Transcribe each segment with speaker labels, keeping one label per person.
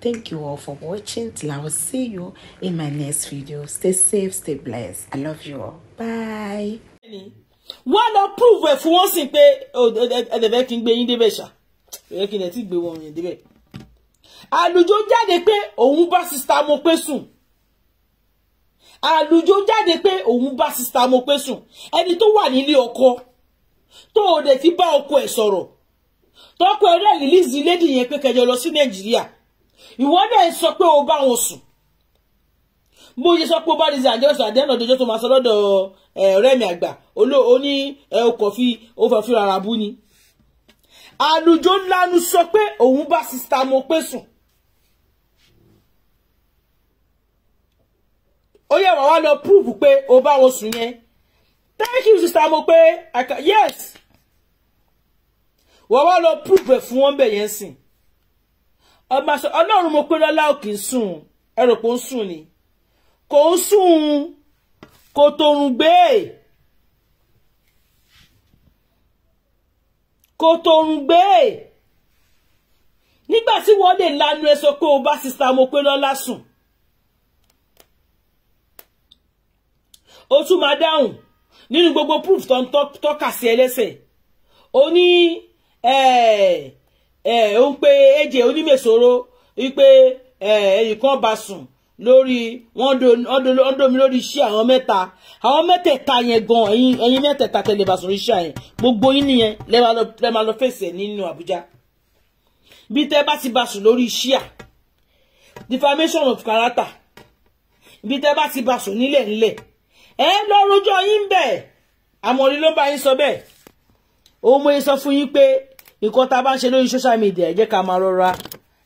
Speaker 1: Thank you all for watching. Till I will see you in my next video. Stay safe, stay blessed. I love you all. Bye.
Speaker 2: Wọ́n lọ prove ẹ̀ fún wọn sí pé ẹ̀dẹ̀fẹ́ kí n gbé yín débẹ̀ ṣá. Ẹ̀yẹ́ kí n ẹ̀ tí gbé wọn yẹn débẹ̀. Àlùjọ jáde pé òun bá sista mo pé sùn. Àlùjọ jáde pé òun bá sista mo pé sùn. Ẹni tó wà nílé ọkọ tó o dẹ̀ ti bá ọkọ ẹ̀ sọ̀rọ̀. Tọ́kọ ẹ̀rẹ́ rìlíìsì lédì yẹn pé kẹjọ lọ sí Nàìjíríà ìwọ dẹ̀ sọ pé o bá wọn sùn bó ṣe sọ pé o bá di àjọṣe àdéhùn ọdọjọ́ tó máa sọ lọ́dọ̀ ọ̀rẹ́ mi àgbà ó ní ọkọ̀ fi ó fẹ́ fi rárá bú ni àlùjọ lanu sọ pé òun bá sista mo pé sùn ó yẹ wàá wá lọ púrúfù pé o bá wọn sùn yẹn thank you sista mo pé yes wàá wá lọ púrúfù ẹ̀ fún wọn bẹ̀ yẹn sìn ọmọ aṣọ ọlọ́run mo pé lọ́lá ò kì í sùn ẹrù kò ń sùn ni kò ń sùn kò tòrùn gbé kò tòrùn gbé nígbà tí wọ́n lè lanu ẹ sọ pé o bá sista mo pé lọ́lá sùn o tún máa dáhùn nínú gbogbo proof tó ń tọ́ka sí ẹlẹ́sẹ̀ o ní ẹ̀ẹ́. Eh, ó ń pe èjè onímẹ̀sọ̀rọ̀ wípé eh, ẹnìkan bá sùn lórí wọ́n domi lórí iṣẹ́ àwọn mẹ́ta àwọn mẹ́tẹ̀ẹ̀ta yẹn gan ẹ̀yin mẹ́tẹ̀ẹ̀ta tẹ̀lé bá sùn iṣẹ́ yẹn gbogbo yín nìyẹn lẹ́ẹ̀ máa lọ fèsì nínú Àbújá bí tẹ́ bá ti bá sùn lórí iṣẹ́ defamation of character bí tẹ́ bá ti bá sùn nílẹ̀ nílẹ̀ ẹ lọ rojọ́ yín bẹ́ẹ̀ àmọ̀rí ló bá yín sọ bẹ́ẹ̀ òun mo yẹ sọ fún yín pé nǹkan tá a bá ń ṣe lórí social media ẹ jẹ́ ká máa rọra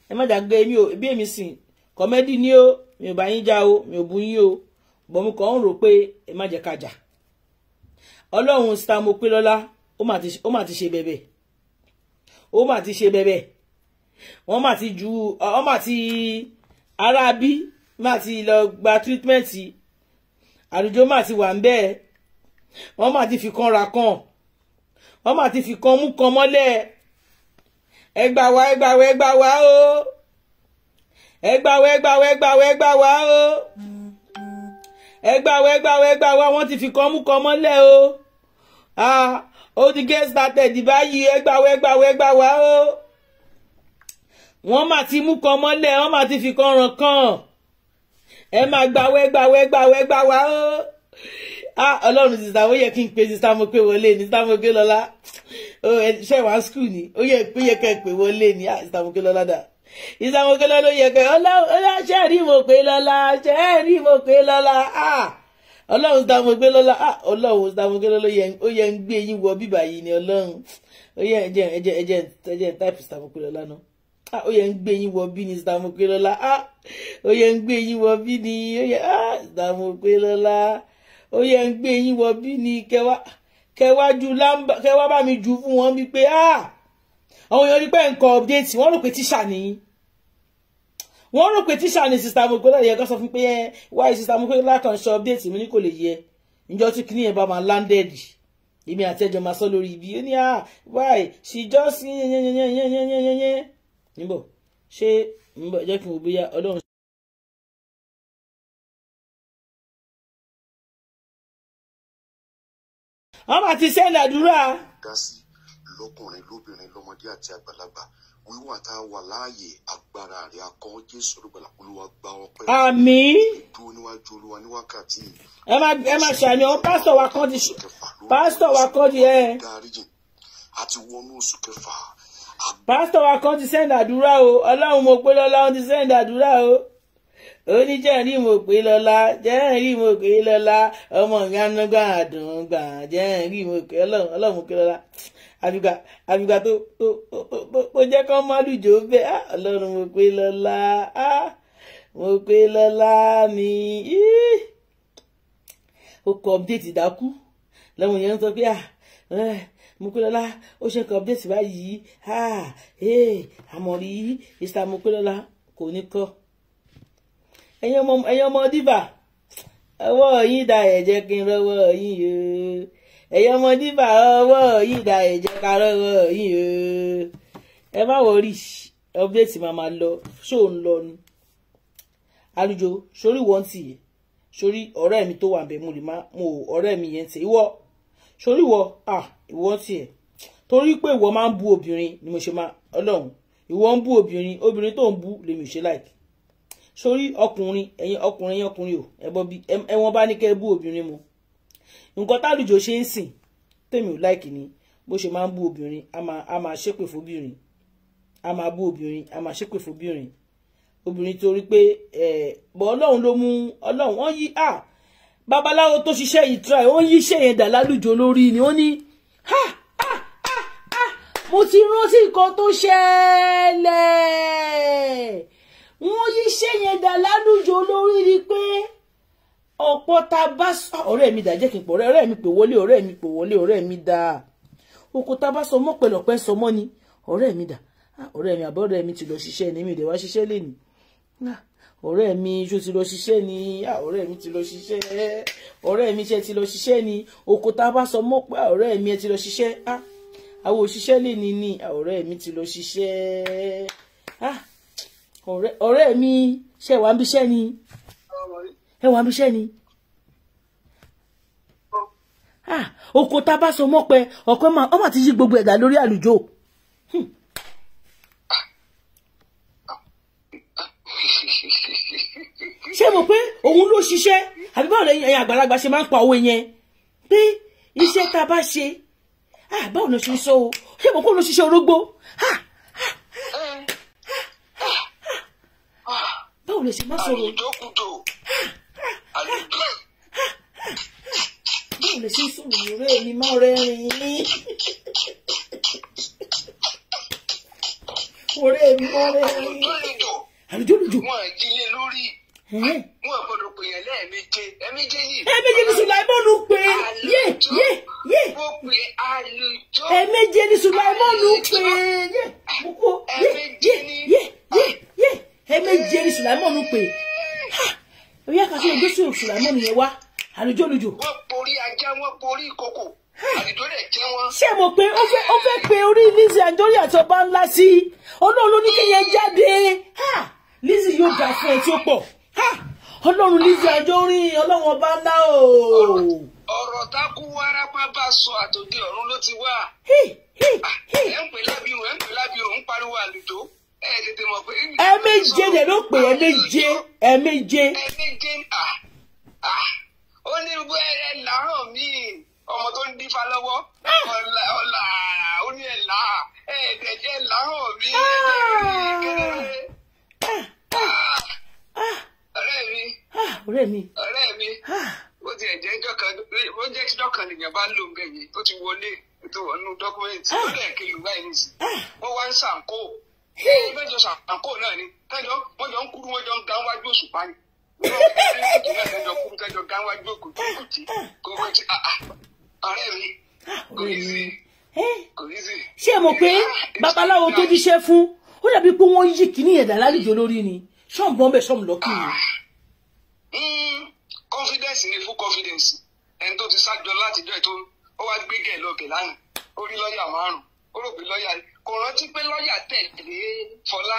Speaker 2: ẹ má dàgbé mi ò bí èmi sìn kọ́mẹ́dì ni ó mi ò bá yín já o mi ò bú yín o bọ̀mú kan ń rò pé ẹ má jẹ́ ká jà ọlọ́run sita mo pé lọ́lá ó mà ti ṣe bẹ̀bẹ̀ ó mà ti ṣe bẹ̀bẹ̀ wọ́n mà ti ju wọ́n mà ti ara bí mà ti lọ gba treatment àlùjọ mà ti wà ń bẹ́ẹ̀ wọ́n mà ti fi kan ra kan wọ́n mà ti fi kan mú kan mọ́lẹ̀ ẹ gbà wá ẹ gbà wá ẹ gbà wá o ẹ gbà wá ẹ gbà wá ẹ gbà wá ẹ gbà wá o ẹ gbà wá ẹ gbà wá ẹ gbà wá wọ́n ti fi kọ́mú kan mọ́lẹ̀ o ó ti get started báyìí ẹ gbà wá ẹ gbà wá ẹ gbà wá o wọ́n mà ti mú kan mọ́lẹ̀ wọ́n mà ti fi kan ràn kàn ẹ máa gbà wá ẹ wá ẹ wá ẹ wá o ọlọ́run sísá ó yẹ kí n pe sísá mo pé wọlé ní sísá mo pé lọ́lá ṣe wá skul ni ó yẹ pé yẹ kẹ pé wọlé ni ìsàmùkẹ ah, lọlá dà ìsàmùkẹ lọlá ah, ah, ó yẹ kẹ ọlá ṣe rí mo pé lọlá ṣe rí mo pé lọlá ọlọ́run tá mo gbé lọlá ọlọ́run tá mo gbé lọlá ó yẹ ń gbé yín wọ bíbà yìí ni ọlọ́run ó yẹ ẹjẹ ẹjẹ ẹjẹ ẹjẹ táìpù ìsàmùkẹ lọlá náà Ah. yẹ ń gbé yín wọ bí ni ìsàmùkẹ lọlá ó yẹ ń gbé yín wọ bí ni ó yẹ ìsàmùkẹ lọlá ó ń gbé yín wọ bí ni kẹwàá kẹwàájú lámbà kẹwàá bá mi jù fún wọn wípé ah! àwọn èèyàn rí pé nǹkan update wọ́n rò pé tíṣà nìyí wọ́n rò pé tíṣà ni sista mokola yẹ kó sọ fún pé ẹ eh, wáyé sista mokola kan ṣe update mi ní kò lè yẹ njọ ni kìnìyẹ bá máa landed èmi àti ẹjọ máa sọ lórí ibi ó ní à ah, wáyé she just yẹnyẹnyẹnyẹnyẹnyẹnyẹ
Speaker 3: níbo wọ́n máa ti sẹ́ni àdúrà. dá sí lọ́kùnrin lóbìnrin lọ́mọdé àti àgbàlagbà wíwà tá a wà láàyè agbára rẹ akọ
Speaker 2: jésù olùgbàlà olúwa gba ọpẹ́. àmín. dúró níwájú
Speaker 3: olúwa ní wákàtí.
Speaker 2: ẹ má ẹ má ṣàní ọ pásítọ̀ wa kọ́ di pásítọ̀ wa kọ́ di ẹ. àti wọnú oṣù kẹfà. pásítọ̀ wa kọ́ di sẹ́ńdà àdúrà o ọlọ́run mo pé lọ́lá ó ti sẹ́ńdà àdúrà o oníjẹ̀rí mo pé lọ́la jẹ́rìí mo pé lọ́la ọmọ mi anágbà àdùngbà jẹ́rìí mo pé ọlọ́run ọlọ́run mo pé lọ́la àfìgbà àfìgbà tó tó tó tó jẹ́ kó má lùjọ́ bẹ́ẹ̀ ah, ọlọ́run mo pé lọ́la ah, mo pé lọ́la mi ó kọ update dákú lọ́mọ yẹn ń sọ pé ah, eh, Mopelola ó ṣe nǹkan update báyìí eh, àmọ̀rí Mr Mopelola kò ní kọ́ ẹ̀yin ọmọ dìbà ọwọ́ yín da ẹ̀jẹ̀ kí n rọwọ́ yín yóò ẹ̀yin ọmọ dìbà ọwọ́ yín da ẹ̀jẹ̀ ká rọwọ́ yín yóò ẹ má wọrí update máa lọ ṣó ń lọ ni àlùjọ sórí wọ́n tì yẹ sórí ọ̀rẹ́ mi tó wà bẹ́ẹ̀ mo lè má mo ọ̀rẹ́ mi yẹn tẹ ìwọ sórí wọ ìwọ tì yẹ torí pé ìwọ máa ń bu obìnrin ni mo ṣe máa ọlọ́run ìwọ ń bu obìnrin obìnrin tó ń bu lèmi ò ṣe láìpẹ́ sórí ọkùnrin ẹ̀yin ọkùnrin ẹ̀yin ọkùnrin o ẹ̀bọ̀ bi, ẹ̀wọ̀n bá ní kẹ́ bú obìnrin mu nǹkan tálùjọ ṣe ń sìn tèmi ò láìkì ni bó ṣe máa ń bú obìnrin a máa ṣépè fóbìnrin a máa bú obìnrin a máa ṣépè fóbìnrin obìnrin torí pé ẹ bọ Ọlọ́run ló mú Ọlọ́run wọn yí à babaláwo tó ṣiṣẹ́ yìí try ó yí iṣẹ́ yẹn dà lálùjọ lórí ni ó ní ha mo ti rántí nǹkan tó ṣẹlẹ̀ wọ́n yí iṣẹ́ yẹn dà lálùjọ olórí rí pé ọ̀pọ̀ tá bá sọ ah, ọ̀rẹ́ mi dà jẹ́ kí n pọ̀ ọ̀rẹ́ mi pè wọlé ọ̀rẹ́ mi pè wọlé ọ̀rẹ́ mi dà oko tá bá sọ mọ́ pẹ̀lọ̀pẹ́ sọ mọ́ ni ọ̀rẹ́ mi dà ah, ọ̀rẹ́ mi àbọ̀ ọ̀rẹ́ mi ti lọ ṣiṣẹ́ ni mi ò dẹ̀ wá ṣiṣẹ́ lé ni ah, ọ̀rẹ́ mi ṣó ti lọ ṣiṣẹ́ ni ọ̀rẹ́ mi ti lọ ṣiṣẹ́ ọ̀rẹ́ mi ṣe ti lọ ṣiṣẹ́ ni oko tá bá sọ mọ́ pé ọ̀rẹ́ mi ẹ ti lọ ṣiṣẹ́ àwọn òṣìṣẹ́ lè ní ní ọ̀rẹ́ mi ti lọ ṣiṣẹ́ ọ̀rẹ́ mi ṣe wà ń bíṣẹ́ ni ẹ wà ń bíṣẹ́ ni ah, oko tá a bá so mọ́pẹ ọ̀pẹ máa ọmọ àti yí gbogbo ẹ̀dá lórí àlùjọ. Hmm. ṣé mo pé òun ló ṣiṣẹ́ àbí báwo lẹ́yìn ẹ̀yin àgbàlagbà ṣe máa ń pa owó yẹn pé iṣẹ́ tá a bá ṣe ah, báwo ló ṣe ń sọ o ṣé mo kó ló ṣiṣẹ́ orógbó.
Speaker 3: lè ṣe má sọ̀rọ̀. àlùdókùdò àlùdó. lè ṣe sọ̀rọ̀
Speaker 2: rẹ̀ mi má rẹ́rìn-ín. ọ̀rẹ́ mi má rẹ́rìn-ín. àlùdó lùdò. wọn àjílé lórí wọn
Speaker 3: gbọ́dọ̀ pè yẹn lẹ́ẹ̀méje ẹ̀méje yìí.
Speaker 2: ẹ̀méje ni sùláìmọ́nù pé yé yé yé
Speaker 3: ẹ̀méje ni sùláìmọ́nù pé yé
Speaker 2: yé yé yé yé ẹ̀ẹ̀mejì ẹni sùlámọ́nù pé ẹ̀rí àkàtì ẹgbẹ́ sí sùlámọ́nù yẹn wá àlùjọ lùjọ.
Speaker 3: wọ́n porí ajá wọ́n porí ìkòkò àlùjọ lè jẹ́ wọn.
Speaker 2: ṣé mo pe ó fẹ́ ó fẹ́ pe orí Lizzy Anjorin àti ọba ńlá sí i olóòlù ní kí yẹn jáde Lizzy yóò dà fún ẹ tí ó pọ̀ ọlọ́run Lizzy Anjorin ọlọ́run ọba ńlá o. ọ̀rọ̀
Speaker 3: takú warapa bá sọ àtòdì ọ̀run ló ti wá. Ah, ẹ̀ ń pè lábìrún ẹ̀ ń pè lábìrún ń pariwo àlùjọ
Speaker 2: ẹ méje yẹn ló pè ẹ méje ẹ méje.
Speaker 3: ẹ méje ah, ah. ó ní gbogbo ẹ làárọ̀ mi ọmọ tó ń dífa lọ́wọ́ ah! ọ̀la ọ̀la ó ní ẹ là ẹ ẹ̀ẹ́dẹ̀jẹ̀ làárọ̀ mi ọ̀rẹ́ mi ọ̀rẹ́ mi ọ̀rẹ́ mi ó ti ẹ̀jẹ̀ jọ̀kan ó jẹ́ kí jọ̀kan lèèyàn bá lò ń gẹ̀yìn tó ti wọlé tó wọnú dọ́kúmẹ́ǹtì ó lẹ̀ kí lùgbà yìí nìyí wọ́n wá ń ṣàǹkó wọ́n fẹ́ jọ sàkó náà ni kẹjọ wọ́n jọ ń kúrú wọ́n jọ ń ga wájú òṣùpá ni kẹjọ kúrú kẹjọ ga wájú òkùtì kòkó ti
Speaker 2: ọ̀rẹ́ mi kò ní sí
Speaker 3: kò ní sí. ṣé ẹ mọ̀ pé ah,
Speaker 2: babaláwo tó díṣẹ́ fún ó dàbí pé wọ́n yí kìíní ẹ̀dá lálejò lórí ni ṣọ́ọ̀mù bọ́m̀bẹ̀ ṣọ́ọ̀mù lọ́kì ni. Ah.
Speaker 3: Hmm, confidence ni full confidence ẹni tó ti sájọ látijọ́ ẹ̀ tó ó wá gbégẹ̀ lọ́bẹ̀ lánàá ó rí lọ́ọ̀yà márùn-ún ó rò pé lọ́ọ̀yà rẹ̀ kò rántí pé lọ́ọ̀yà tẹ̀lé Fọlá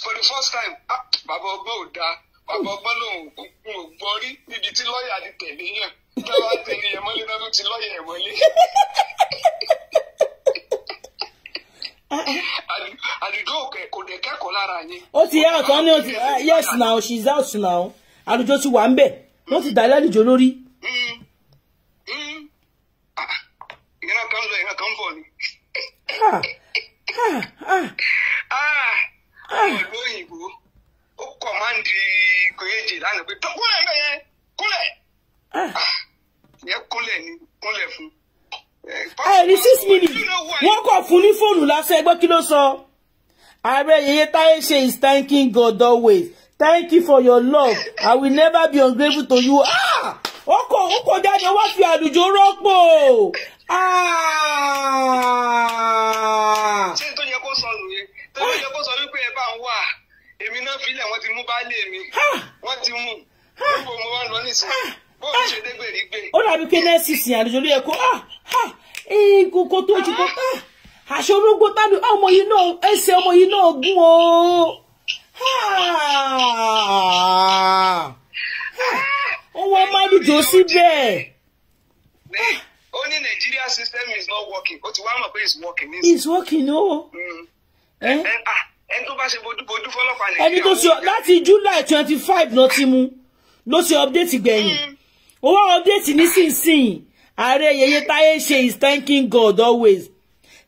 Speaker 3: for the first time ah, bàbá ọgbọ́n ò dáa bàbá ọgbọ́n lòun kún ò gbọ́ rí níbi tí lọ́ọ̀yà ti tẹ̀lé yàn táwa tẹ̀lé yẹn mọ́lé náà ló ti lọ́ọ̀yà ẹ̀ mọ́lé. àdìdó òkè kò dé kẹ́kọ̀ọ́ lára yín.
Speaker 2: ó ti yẹ ọ̀tọ́ ni ó ti ah, yes now she is out now àlùjọ ti wà ń bẹ̀ wọ́n ti dà lálùjọ lórí. Hmm, hmm.
Speaker 3: Ah, ìran kan lọ ìran kan bọ̀ ni olóyìnbó ó kọ̀ máa ah, ń di gòyèjì lánàá pé tó kúnlẹ̀ mẹ́yẹ kúnlẹ̀ yẹn kúnlẹ̀ ni kúnlẹ̀ fún. ẹ̀rí six minutes
Speaker 2: wọ́n kọ̀ fún ní fóònù lásán ẹgbẹ́ kí ló sọ. ààrẹ yeye táyé ṣe is thanking God always thank you for your love I will never be ungrateful to you. Ah! ó kọ̀ ó kọ̀ jáde wá
Speaker 3: fi àlùjọ rọ́pò. Ah! ṣé tó yẹ kó sọ nìyẹn tó yẹ kó sọ wípé ẹ bá ń wà èmi náà filẹ̀ wọ́n ti mú baálé mi wọ́n ti mú gbogbo mo wá lọ nísìnyí bóòlù ṣe dé gbèrè gbé. ó dàbí
Speaker 2: pé nẹ́ẹ̀sì sìn àlejò ló yẹ kó kókó tó ṣe kó aṣọ ah! orógbó tábí ah, ọmọ yìí náà ẹsẹ̀ ọmọ yìí náà gún o. ó wọ́n máa lùjọ síbẹ̀
Speaker 3: ní Nigeria system is not working ó ti wá mọ̀ pé it's working. it's working o. Mm. Eh? Eh, ah, ẹni tó bá ṣe bojúbojú fọlọ́pàá Nigeria. ẹni tó ṣe láti
Speaker 2: July twenty five náà ti mú ló ṣe update gbẹ̀yìn mm. ó wá update nísinsìnyí ààrẹ yeye táyé ṣe is thanking God always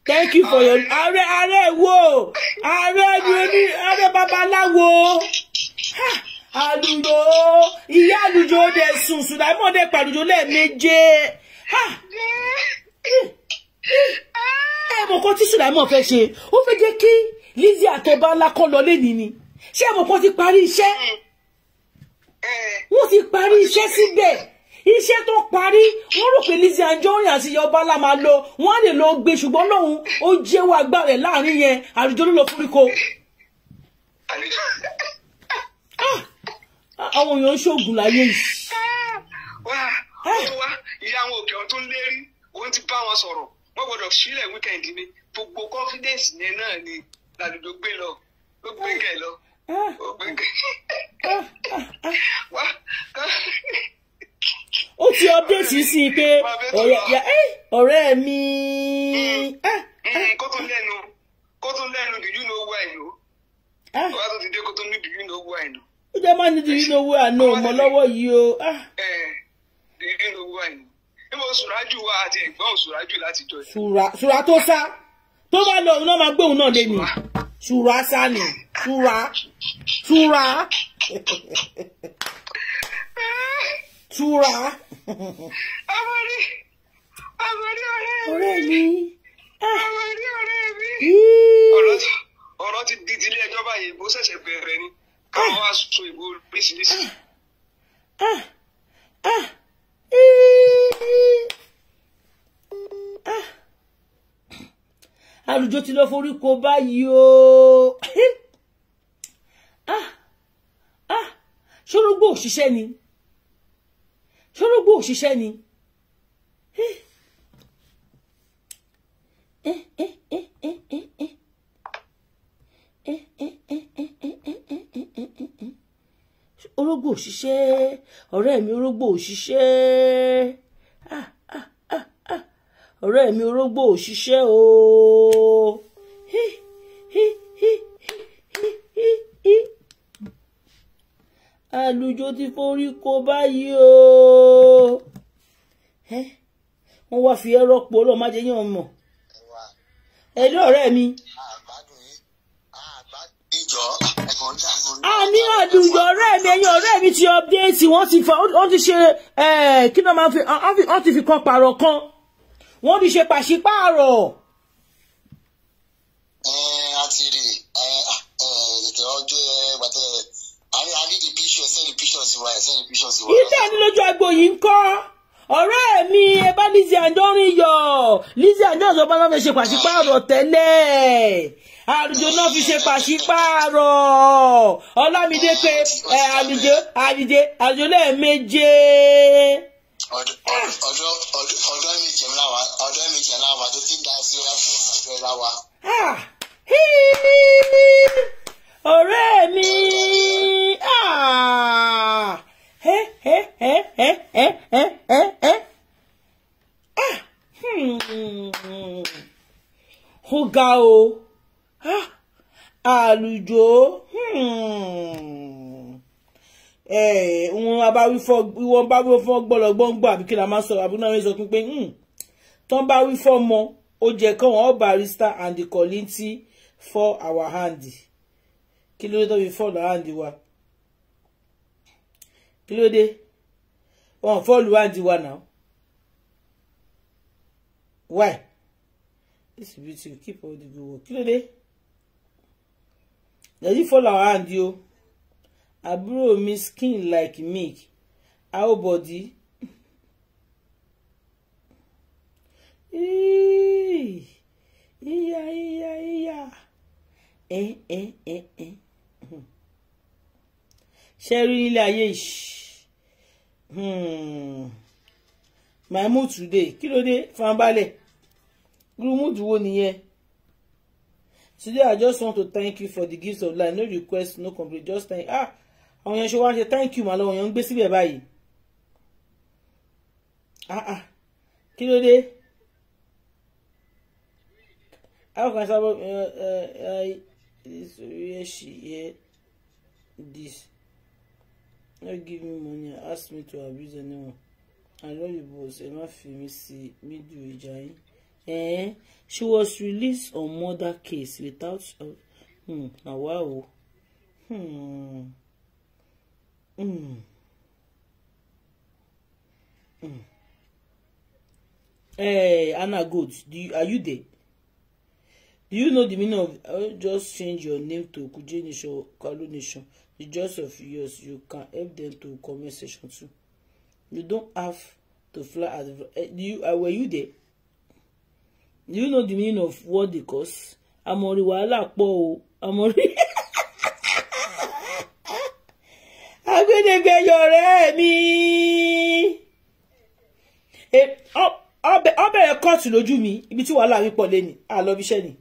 Speaker 2: thank you for your ààrẹ ààrẹ wo ààrẹ ni oní ààrẹ babaláwo àlùjọ ìyá àlùjọ dẹ sùn sùn láìmọ̀ dẹ pàlùjọ lẹ́ẹ̀méje ẹ mọ̀ kó tí sùlámọ̀ fẹ́ ṣe ó fẹ́ jẹ́ kí Lizzy àtọba ńlá kọ́ lọ lẹ́ni ni ṣé ẹ mọ̀ kó ti parí iṣẹ́ wọ́n ti parí iṣẹ́ síbẹ̀ iṣẹ́ tó parí wọ́n rò pé Lizzy Anjorin àti yọba la máa lọ wọ́n á lè lọ gbé ṣùgbọ́n lòun ó jẹ́wọ́ agbára rẹ̀ láàrin yẹn àrùjọ ló lọ fúnríko.
Speaker 3: Ah! Ah! àwọn èèyàn ń ṣoògùn láyé yìí ó wá ìyá àwọn òkè ọ̀tún lérí òun ti bá wọn sọ̀rọ̀ wọ́n gbọ́dọ̀ sílẹ̀ weekend ni gbogbo confidence yẹn náà ni làdùdù gbé lọ ló gbé gẹ̀ lọ ó gbé gẹ̀ ah. ah.
Speaker 2: ah, ó ti update sí i pé ọ̀rẹ́ mi. Mm.
Speaker 3: Mm, kó tún lẹ́nu kó tún lẹ́nu dìjú ní owó àìlú wá tó ti dé kó tún ní dìjú ní owó àìlú.
Speaker 2: ó jẹ́ máa ní dìjú ní owó àná ọmọ lọ́wọ́ yìí o. Eh
Speaker 3: ìrírò wa yìí níbo sùrájù wa àti ẹ̀gbọ́n sùrájù láti jọ yìí. sùrà tó sá
Speaker 2: tó bá lọ òun náà máa gbé òun náà lé mi sùrà sá ni sùrà sùrà
Speaker 3: sùrà. àwárí àwárí ọ̀rẹ́ mi àwárí ọ̀rẹ́ mi ọ̀rọ̀ ti di tilé ẹjọ́ báyìí ìbò ṣẹ̀ṣẹ̀ bẹ̀rẹ̀ ni káwọn wá ìbò oríṣiríṣi. Ah. Ah. Ah
Speaker 2: àlùjọ ti lọ forí ko báyìí o ṣórógbó òṣìṣẹ́ ni ṣórógbó òṣìṣẹ́ ni orógbó òṣìṣẹ́ ọ̀rẹ́ mi orógbó òṣìṣẹ́ ah ah ah ah ọ̀rẹ́ mi orógbó òṣìṣẹ́ o hi hi hi hi hi hi àlùjọ ti forí kó báyìí o wọ́n wá fi ẹ́ rọ́pò ọlọ́mọdé yẹn mọ̀ ẹ lọ́ọ̀rẹ́ mi. Ah. àní àdùyọ ọ̀rẹ́ mi ẹ̀yin ọ̀rẹ́ mi ti update wọ́n ti fa wọ́n ti ṣe eh, kí ló máa fi wọ́n ti fi kan pààrọ̀ kan wọ́n ti ṣe pàṣípààrọ̀. ẹ eh, a ti rí ẹ eh, ẹ ah, ọjọ́ ẹ gbàtẹ àrí
Speaker 3: àrí the picture send the picture sí wa send the picture
Speaker 2: sí wa. ilé ẹni lójú agbo yìí ń kọ́ ọ̀rẹ́ mi ẹ bá Lizzy Anjorin yọ Lizzy Anjorin sọ bá wọn fẹ́ ṣe pàṣípààrọ̀ tẹ́lẹ̀ àlùjọ náà fi ṣe pàṣípààrọ̀ ọlámídé pé àlùjọ àlùjẹ àlùjọ lẹ́ẹ̀méje. ọjọ́ ọjọ́ ọjọ́ méje ńlá wa ọjọ́ méje ńlá wa tó ti dá sí wa fún ọjọ́ ńlá wa. ọ̀rẹ́ mi ó ga o àlùjọ hmm. wọn bá wí fọ wọn bá wí fọ gbọlọgbọngbọ àbí kí la máa sọ àbí náà sọ pé hmm. tán bá wí fọ mọ ó jẹ kán wọn barista and the Colinti for our hand kí ló dé tó fi fọ́ọ̀lù hand wa kí ló dé wọn fọ́ọ̀lù hand wa náà why this beauty keep all the good work kí ló dé. Daddy follow our hand yo. bro mi skin like milk. Our body. Iya iya iya. Eh eh eh eh. Ṣé rí nílé Hmm. My mood today. Kí ló dé? Fanbalẹ̀. Irú mood wo nìyẹn? today i just want to thank you for the gift of life no request no complaint just thank ah àwọn èèyàn ṣe wá ṣe thank you màlọ́ èèyàn ń gbé síbẹ̀ báyìí ah ah kí ló dé how can uh, uh, this? where she hear this no give me money ask me to abuse anyone i love you both ẹ má fi mí sí mídùú ìjà yín eh, she was released on murder case without uh, hmm, na wow hmm. Hmm. Hey, hmm. eh, Anna Gold, do you, are you there? Do you know the meaning of uh, just change your name to Kuje Nation, Kalu Nation? The just of yours, you can help them to comment section too. You don't have to fly at the, uh, you, uh, were you there? do you know the meaning of what they cause amọ̀rí wàhálà pọ̀ o amọ̀rí. agbẹ́dẹ́gbẹ́ yọ̀rẹ́ mi ọ bẹ̀rẹ̀ kóòtù lójú mi ibi tí wàhálà mi pọ̀ lẹ́nu àlọ́bíṣẹ́ ni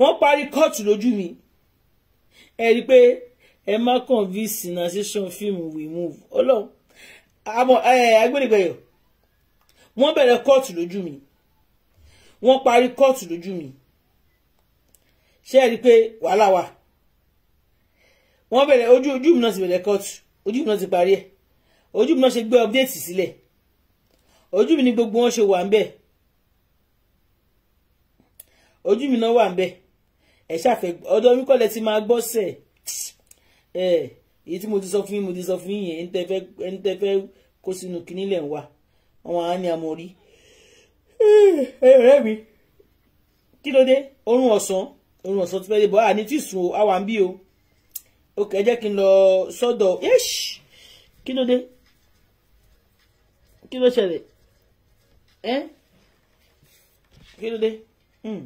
Speaker 2: wọ́n parí kóòtù lójú mi ẹ rí i pé ẹ má kàn bí sinasation fíìmù we move ọlọ́run agbẹ́dẹ́gbẹ́ yọ̀ wọ́n bẹ̀rẹ̀ kóòtù lójú mi wọ́n parí kóòtù lójú mi ṣé ẹ rí i pé wàhálà wà wọ́n bẹ̀rẹ̀ ojú ojú mi náà ti bẹ̀rẹ̀ kóòtù ojú mi náà ti parí ẹ̀ ojú mi náà ṣe gbé update sílẹ̀ ojú mi ni gbogbo wọn ṣe wà ń bẹ̀ ojú mi náà wà ń bẹ̀ ẹ̀ ṣàfẹ́ ọ̀dọ̀ mi kọ́lẹ̀ ti máa gbọ́ sẹ̀ ẹ̀ èyí tí mo ti sọ fún yín mo ti sọ fún yín yẹn ẹni tẹ́ fẹ́ kó sínú kinní ń wà wọn á ní amórí ọ̀rẹ́ eh, eh, eh, mi kí ló dé oorun ọ̀sán oorun ọ̀sán ti fẹ́ dé bọ́ àní tí sùn á wà ń bí o ó kẹ́ jẹ́ kí n lọ sọ́dọ̀ kí ló dé kí ló ṣẹlẹ̀ ẹ́ kí ló dé hmm.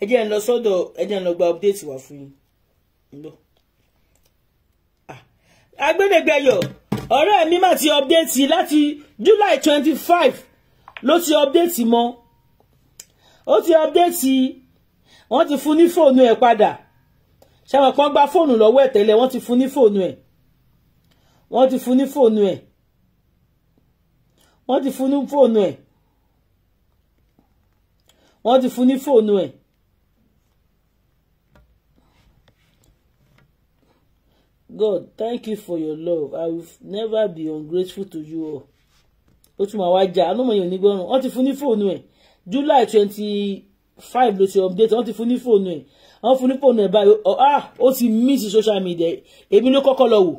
Speaker 2: ẹ jẹ́ ń lọ sọ́dọ̀ ẹ jẹ́ ń lọ gba update wá fún yín lọ. Ah. agbẹ́dẹ̀gbẹ́yọ̀ ọ̀rẹ́ mi mà ti update láti July twenty five ló ti update mọ́ ó ti update wọ́n ti fún ní fóònù ẹ̀ padà ṣàwọn kan gba fóònù lọ́wọ́ ẹ̀ tẹ́lẹ̀ wọ́n ti fún ní fóònù ẹ̀ wọ́n ti fún ní fóònù ẹ̀ wọ́n ti fún ní fóònù ẹ̀ wọ́n ti fún ní fóònù ẹ̀ God, thank you for your love. I will never be ungrateful to you all ló tún máa wá jà anúmọ̀yàn onígbọ́rùn wọ́n ti fún ní fóònù ẹ̀ July twenty five ló ti update wọ́n ti fún ní fóònù ẹ̀ wọ́n fún ní fóònù ẹ̀ báyìí ah ó ti miss social media èmi ló kọ́kọ́ lọ wò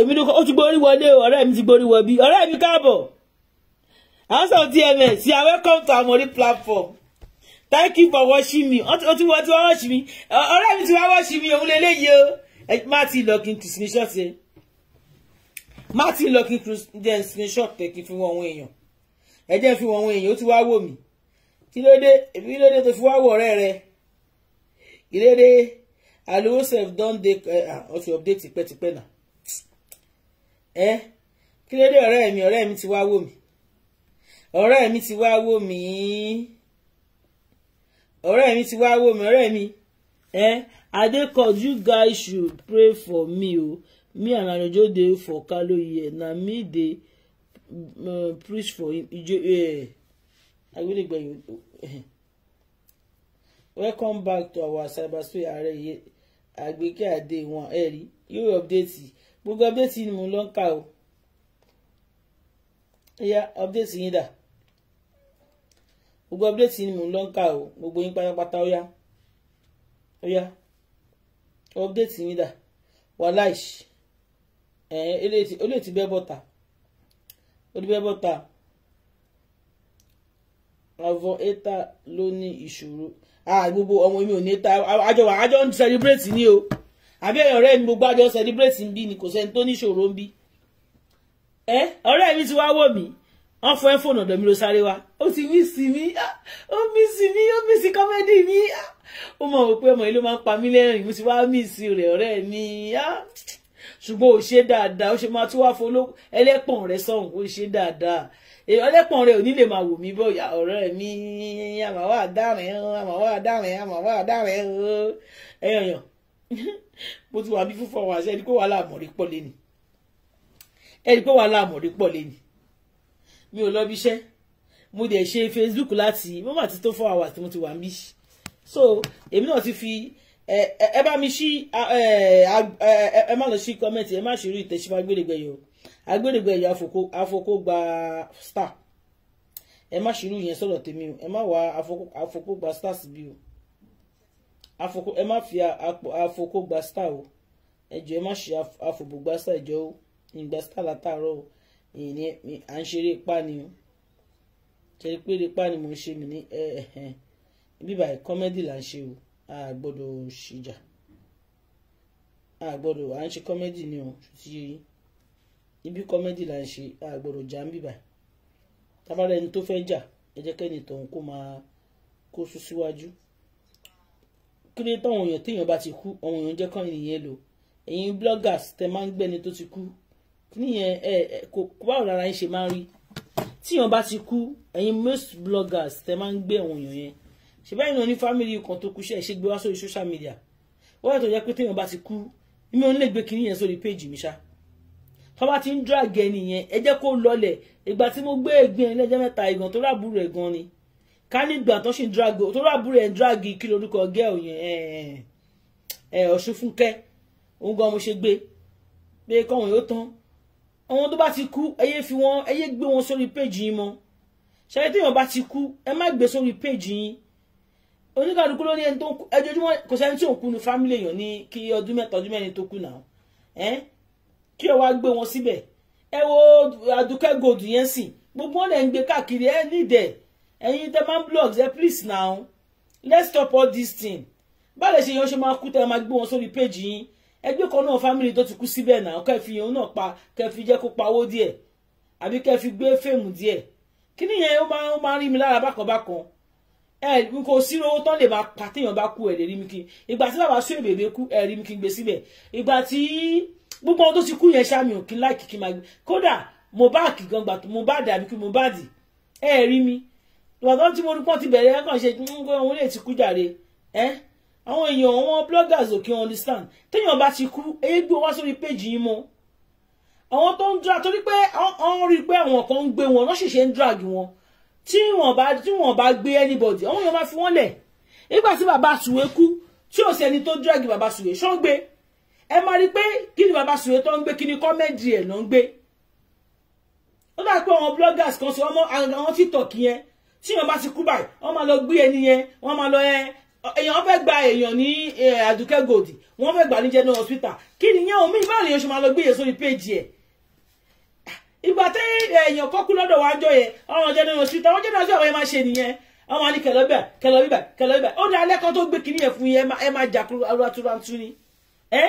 Speaker 2: èmi ló kọ́ ó ti gbórí wọlé o ọ̀rẹ́ mi ti gbórí wọ bí ọ̀rẹ́ mi káàbọ̀ house DMS you are welcome to Amori platform thank you for watching me ó ti wọ́n ti wá watch mi ọ̀rẹ́ mi ti wá watch mi òun lè léyìí o má ti lọ kí n tù sí ní ṣọ́ọ̀ṣì. Martin Locking Cruise jẹ́ screenshot tẹ̀ kí n fi wọ́n àwọn èèyàn ẹ jẹ́ fi wọ́n àwọn èèyàn ó ti wá wò mí kí ló dé èmi ló dé tó fi wá wò ọ̀rẹ́ rẹ ìlédè aliwosef don dey wọ́n ti update tipẹ́tipẹ́ náà ẹ kí ló dé ọ̀rẹ́ mi ọ̀rẹ́ mi ti wá wò mí ọ̀rẹ́ mi ti wá wò mí ọ̀rẹ́ mi ti wá wò mí ọ̀rẹ́ mi ẹ Adékọ̀ you guys should pray for me o. Oh me and anojo dey for kalo here na me dey uh, preach for ijo eh agbedegbeyin welcome back to our cyberspace ààrẹ iye àgbékè àdé wọn ẹ̀rí yóò update gbogbo update yìí ni mo lọ ń kà o ẹ̀yà update yìí dà gbogbo update yìí ni mo lọ ń o gbogbo yín pátápátá ó yá ó yá update yìí dà wàláìsì ó lè ti bẹ́ bọ́ta ó ti bẹ́ bọ́ta àwọn éta ló ní ìṣòro gbogbo ọmọ mi ò ní ta àjọ wà àjọ ń celebrate ni o àbí ẹ̀yàn ọ̀rẹ́ mi gbogbo àjọ celebrate ń bí ni kò sẹ́ni tó níṣòro ń bí ẹ ọ̀rẹ́ mi ti wá wò mí wọ́n fọ́ ẹ́ fóònù ọ̀dọ̀ mi ló sáré wá ó ti mí sí mi ó mí sí mi ó mí sí kọ́mẹ́dì mi ó mọ̀ wò pé ọmọ yìí ló máa ń pa mí lẹ́rìn mo ti wá mí sí rẹ̀ ọ̀rẹ́ mi ṣùgbọ́n ò ṣe dáadáa ó ṣe máa tún wá fọlọ́ ẹlẹ́pọ̀n rẹ sọ̀hún ó ṣe dáadáa ẹlẹ́pọ̀n rẹ ò ní lè máa wò mí bọ́ọ̀yà ọ̀rẹ́ mi àmàwá àdáàrin àmàwá àdáàrin àmàwá àdáàrin ẹ̀yàn mo ti wà bí fúnfọ wà sí ẹni pé wàhálà àmọ̀rí pọ̀ lẹ́nu ẹni pé wàhálà àmọ̀rí pọ̀ lẹ́nu mi ò lọ bí iṣẹ́ mo dẹ̀ ṣe Facebook láti mo mà ti tó four hours tí mo ti wà ń bí so èmi náà ti fi Eh, eh, ẹ bá mi ṣí eh, ẹ má lọ sí kọ́mẹ́ǹtì ẹ má ṣe rí ìtẹ̀síwá agbèrègbèyọ agbèrègbèyọ àfokó gba star ẹ má ṣírú yẹn sọ̀rọ̀ tèmi o ẹ má wá àfokó gba star síbi o ẹ má fi àfokó gba star o ẹjọ ẹ má ṣe àfòbò gba star ẹjọ o ìgbà star látàárọ̀ o ìyẹn ni à ń ṣeré pa ni o ṣeré péré pa mo ń ṣe mí ní ẹ ẹ bíbá ẹ kọ́mẹ́dì là ń ṣe o àgbọ́dọ̀ ṣìjà àgbọ́dọ̀ à ń ṣe kọ́mẹ́dì ni o ti ibi kọ́mẹ́dì là ń ṣe àgbọ́dọ̀ jà ń bìbà tábàárà ẹni tó fẹ́ jà ẹ jẹ́ kẹ́ni tọ̀hún kó máa kó sún síwájú kí ló táwọn èèyàn téèyàn bá ti kú àwọn èèyàn jẹ́ kán ènìyàn lò ẹ̀yin bloggers tẹ máa ń gbẹ́ni tó ti kú níyẹn ẹ kò báwo lára yín ṣe máa ń rí tíyàn bá ti kú ẹ̀yin most bloggers tẹ máa ń gbé àwọn èèyàn yẹn ṣe báyìí náà ní fámìlì kan tó kú ṣe ṣe gbé wá sórí social media wọ́n yàtọ̀ jẹ́ pé téèyàn bá ti kú mi ò ní lè gbé kinní yẹn sórí péjì mi ṣá tó bá ti ń drag ẹni yẹn ẹ jẹ́ kó lọlẹ̀ ìgbà tí mo gbé ẹgbẹ́ ẹni lẹ́jẹ́ mẹ́ta ìgàn tó rábùrù ẹ̀ gan ni ká nígbà tó ṣì ń drag tó rábùrù ẹ̀ ń drag kí lorúkọ gẹ́ẹ̀ yẹn ẹ̀ ọ̀ṣun fúnkẹ́ òun gan mo ṣe gbé pé kọ́wọn yóò tán àwọn tó bá ti kú ẹ fi wọn ẹ gbé wọn sórí péjì yín mọ́ ṣáyé téèyàn bá ti kú ẹ má gbé sórí péjì yín oníkàlùkù ló ní ẹni tó ń kú ẹjọ́júmọ́ kò sẹ́ni tí ò ń kú nu fámìlì èèyàn ní kí ọdún mẹ́ta ọdún mẹ́rin tó kù náà kí ẹ wá gbé wọn síbẹ̀ ẹ wo Àdùkẹ́ Gold yẹn sì gbogbo wọn lẹ́ ń gbé káàkiri ẹ nídẹ̀ ẹ̀yin tẹ́ máa ń blog ẹ please now let's stop all this thing báyìí ṣe yẹn ṣe máa kú tẹ́ ẹ máa gbé wọn sórí péjì yín ẹgbẹ́ kan náà fámìlì tó ti kú síbẹ̀ náà kẹ́ fi yẹn náà pa kẹ́ fi jẹ́ kó pawó díẹ̀ àbí kẹ́ fi gbé fèmù díẹ̀ kí nìyẹn ó máa ń rí mi lára bákan bákan ẹ n kò sí owó tán lè máa pa téèyàn bá kú ẹ lè rí mi kí ìgbà tí bàbá sún èbèbè kú ẹ rí mi kí n gbé síbẹ̀ ìgbà tí gbogbo ohun tó ti kú yẹn ṣáàmì ò kí n láìkì kí n máa gbé kódà Mohbad kì gan gbà tó Mohbad àbí kí Mohbad ẹ rí mi bàbá tí mo rí pọ́n ti bẹ̀rẹ̀ ẹ kàn ṣe pé òun lè ti kú jàre ẹ àwọn èèyàn àwọn bloggers ò kí wọn understand téèyàn bá ti kú eyé gbé wá sórí péjì yín mọ́ àwọn tó ń dra torí pé àwọn rí i pé àwọn kan ń gbé wọn lọ́sẹ̀ṣẹ̀ ń drag wọn tí wọ́n bá tí wọ́n bá gbé anybody àwọn èèyàn máa fi wọ́n lẹ̀ nígbà tí bàbá sùwé kú tí ò sẹ́ni tó drag bàbá sùwé ṣó ń gbé ẹ máa rí pé kí ni bàbá sùwé tó ń gbé kí ni kọ́mẹ́dì ẹ̀ ló ń gbé ó dà pé àwọn bloggers kan sọ ọmọ àwọn tiktok yẹn tí wọ́n bá ti kú báyìí wọ́n máa lọ gbé ẹni yẹn wọ́n máa lọ ẹ èèyàn fẹ́ gba èèyàn ní àdùkẹ́ gòdì wọ́n fẹ́ gbà ní general hospital kí ni yẹn omi ìbáraẹ̀yẹn ṣe máa lọ gbé yẹn sórí péèjì ẹ̀ ìgbà tí eh, èèyàn kọ́kú lọ́dọ̀ wa jọ yẹn ọ̀rọ̀ generation street àwọn generation àwọn yẹn máa ṣe nìyẹn àwọn àni kẹlọ bíbà kẹlọ bíbà kẹlọ bíbà ó ní alẹ́ kan tó gbé kinní yẹn fún yẹn ẹ máa jà kúrú arúgbáturantú ni ẹ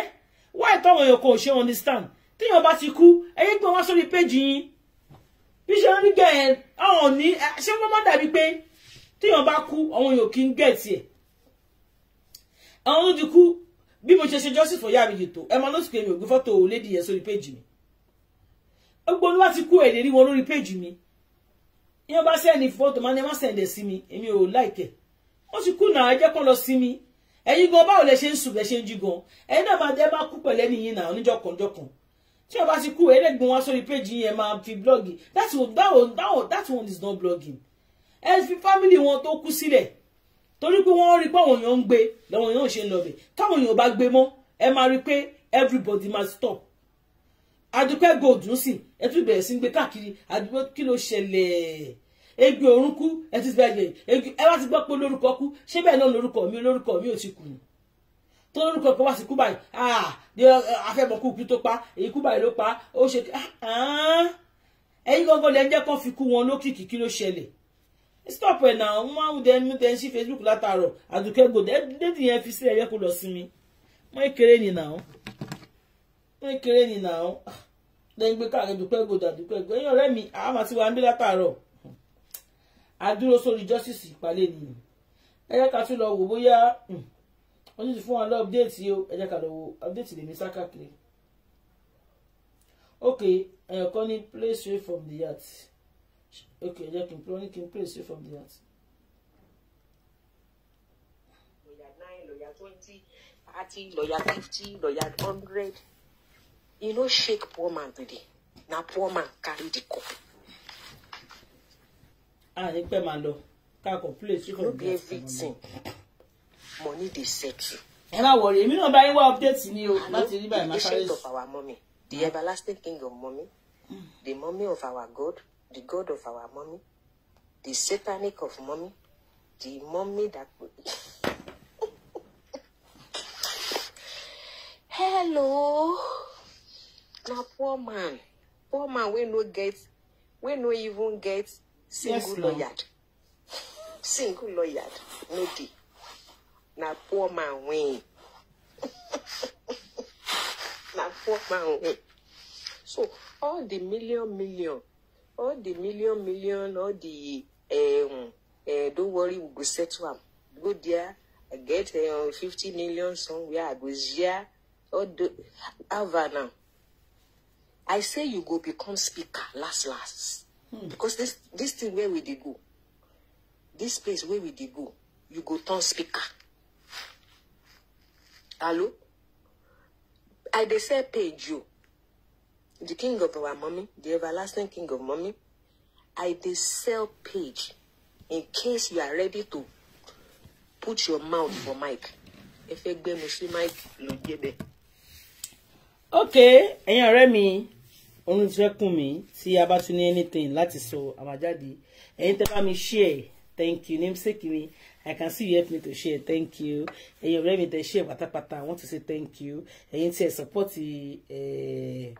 Speaker 2: wáyé táwọn èèyàn kò ṣe understand téèyàn bá ti kú ẹyẹ gbé wọn sórí péjì yín bí ṣe ń gẹ ẹ àwọn òní ṣé wọn má dàbí pé téèyàn bá kú àwọn èèyàn kì í gẹ̀ tiẹ̀ àwọn tó ti kú bí mo ṣe ṣe justice for yàrá ìyètò ẹ máa lọ́sùn pé mi ò gbé fọ́tò lady yẹn sórí péjì mi gbogbo ló bá ti kú èdè rí wọn lórí péjì mi ìyẹn bá sẹ́ni fọ́tò máa ní má sẹ́ndẹ̀ sí mi èmi ò láìkẹ̀ wọ́n ti kú náà ẹ jẹ́ kán lọ sí mi ẹ̀yin gan báwo lẹ ṣe ń sùn lẹ ṣe ń jí gan ẹ̀yin náà máa dẹ́ máa kú pẹ̀lẹ́ nìyí náà oníjọkànjọkàn tí wọ́n bá ti kú ẹ̀yin gbọ́n wá sórí péjì yẹn máa fi blọ́ọ̀gì that one that one that one that one is not blogging ẹ fi family. wọn to kú sílẹ̀ torí pé wọ́n rí pé àwọn èèyàn ń gbé làwọn èèyàn ṣe ń lọ bẹ̀ táwọn èèyàn bá gbé mọ́ ẹ máa rí pé everybody must stop adúpẹ́ gòdùn sí ẹ tún bẹ̀rẹ̀ sí gbé káàkiri adúpẹ́ kí ló ṣẹlẹ̀ egbò òrùn kú ẹ ti bẹ̀rẹ̀ ẹ wá ti gbọ́ pé olórúkọ kú ṣé bẹ́ẹ̀ náà lórúkọ mi olórúkọ mi ò ti kù tó lórúkọ kan wá sí kú báyìí ah afẹ́mọ̀kú kú tó pa èyí kú báyìí ló pa ó ṣe ah, ah. ẹ̀yin gangan lẹ́ ń jẹ́ kán fi kú wọn lókìkí kí ló ṣẹlẹ̀ stop ẹ̀ náà wọ́n máa ń dẹnu dẹnu sí Facebook látàárọ̀ àdùkẹ́ gòdè dédìyẹn fi sí ẹ̀yẹ́ kó lọ sinmi wọ́n kéré nìyẹn náà ń kéré ni nà án ah, lẹ́yìn gbé káàkiri dúpẹ́ gbòdà dúpẹ́ gbò ẹ̀yìn ọ̀rẹ́ mi àwọn àti wa ń bí látàárọ̀ àdúró sórí justice ìpàlẹ́ nìyí ẹ jẹ́ ká tún lọ wò bóyá hmm, wọ́n ti fún wa lọ update o ẹ jẹ́ ká lọ wo update lèmi sá káàkiri ok ẹ̀yàn kan ní play straight from the heart ok ẹ jẹ́ kí n play kí n play straight from the heart.
Speaker 1: lọ́yà nine lọ́yà twenty thirty lọ́yà fifty lọ́yà hundred. You know, shake poor man today na poor man carry the cup. a ah, ní pẹ́ máa
Speaker 2: lọ káàkó play sí kò ní bí everything money dey settle. ẹ má wọrí èmi náà bá yín wá update ni o láti rí báyìí máa sáré. the patient of
Speaker 1: our mommy. the mm. everlasting king of mommy. the mommy of our god the god of our mommy. the satanic of mommy. the mommy that. hello na poor man poor man wey no get wey no even get
Speaker 3: single yes, lawyer
Speaker 1: single lawyer no dey na poor man win na poor man win so all the million million all the million million all the eh eh. don't worry we go settle am go there i get um, fifty million somewhere i go share all the have am now i say you go become speaker last last mm. because this this thing where we dey go this place where we dey go you go turn speaker hello i dey say page you the king of our mommy the everlasting king of mommy. i dey sell page in case you are ready to put your mouth for mic ẹ fẹ́ gbẹnu sí mic ló jẹ bẹ́ẹ̀.
Speaker 2: ok ẹ̀yin ọ̀rẹ́ mi Olúṣẹ́kùnmí tí a bá tún ní anything láti So àbájáde ẹ̀yin tẹ́ bá mi share thank you namesake mi i can see you help me to share thank you ẹ̀yin ọ̀rẹ́ mi tẹ́ share pátápátá i want to say thank you ẹ̀yin tí ẹ support eh,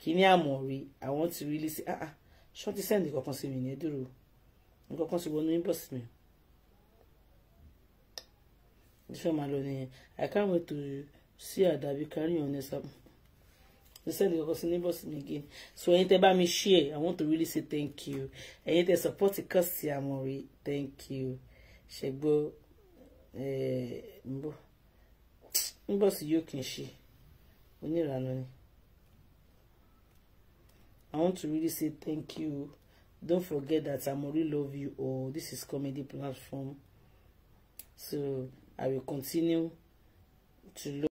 Speaker 2: kíní àmọ̀rí i want to really say ah ah ṣọ́ọ́tì send nǹkan sí mi ní ẹ̀dúró nǹkan kan sí wọnú inbox mi ìfẹ́ màá lọ nìyẹn i can't wait to see adabi carry on next up you send it because neighbors me so ẹ̀yin tẹ́ bá share i want to really say thank you ẹ̀yin tẹ́ support Kossy Amore thank you Shebo, ẹ mbọ You can she, we need ṣe i want to really say thank you don't forget that Amore love you all this is comedy
Speaker 3: platform so i will continue to look.